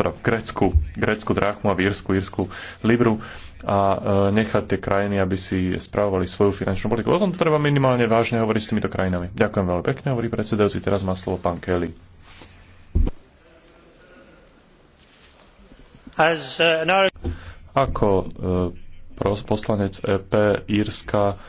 teda v Grécku, Grécku drachmu a v Írsku, Írsku libru a e, nechať tie krajiny, aby si spravovali svoju finančnú politiku. O tom to treba minimálne vážne hovoriť s týmito krajinami. Ďakujem veľmi pekne, hovorí predsedajúci. Teraz má slovo pán Kelly. Uh, Ako e, poslanec EP Írska